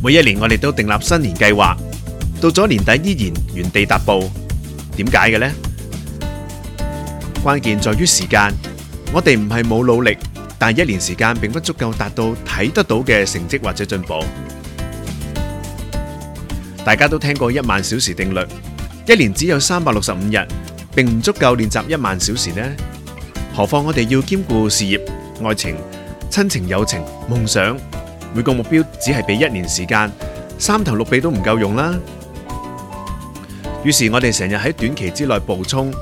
每一年我哋都訂立新年計劃，到咗年底依然原地踏步，點解嘅呢？關鍵在於時間。我哋唔係冇努力，但一年時間並不足夠達到睇得到嘅成績或者進步。大家都聽過一萬小時定律，一年只有三百六十五日，並唔足夠練習一萬小時呢？何況我哋要兼顧事業、愛情、親情、友情、夢想。每個目標只係俾一年時間，三頭六臂都唔夠用啦。於是我哋成日喺短期之內暴衝，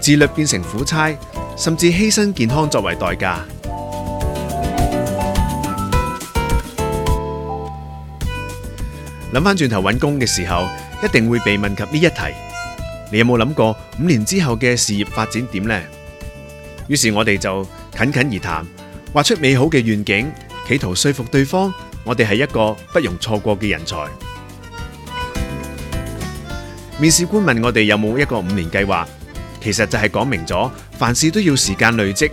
自律變成苦差，甚至犧牲健康作為代價。諗翻轉頭，搵工嘅時候，一定會被問及呢一題。你有冇諗過五年之後嘅事業發展點呢？」於是我哋就侃侃而談，畫出美好嘅願景。企圖說服對方，我哋係一個不容錯過嘅人才。面試官問我哋有冇一個五年計劃，其實就係講明咗凡事都要時間累積，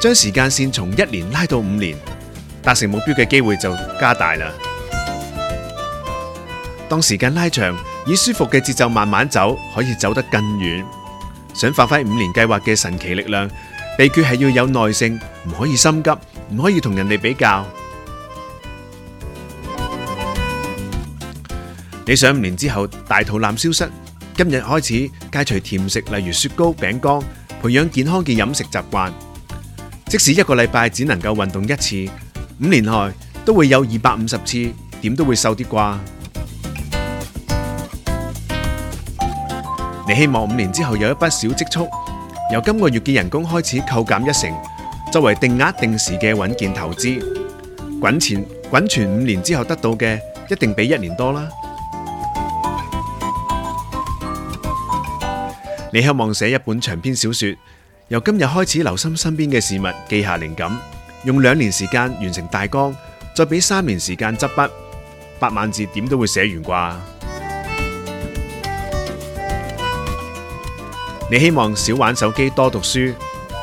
將時間線從一年拉到五年，達成目標嘅機會就加大啦。當時間拉長，以舒服嘅節奏慢慢走，可以走得更遠。想發揮五年計劃嘅神奇力量，秘訣係要有耐性，唔可以心急。唔可以同人哋比較。你想五年之後大肚腩消失？今日開始戒除甜食，例如雪糕、餅乾，培養健康嘅飲食習慣。即使一個禮拜只能夠運動一次，五年內都會有二百五十次，點都會瘦啲啩？你希望五年之後有一筆小積蓄？由今個月嘅人工開始扣減一成。作為定額定時嘅穩健投資，滾錢滾存五年之後得到嘅，一定比一年多啦。你希望寫一本長篇小說，由今日開始留心身邊嘅事物，記下靈感，用兩年時間完成大綱，再俾三年時間執筆，八萬字點都會寫完啩？你希望少玩手機，多讀書。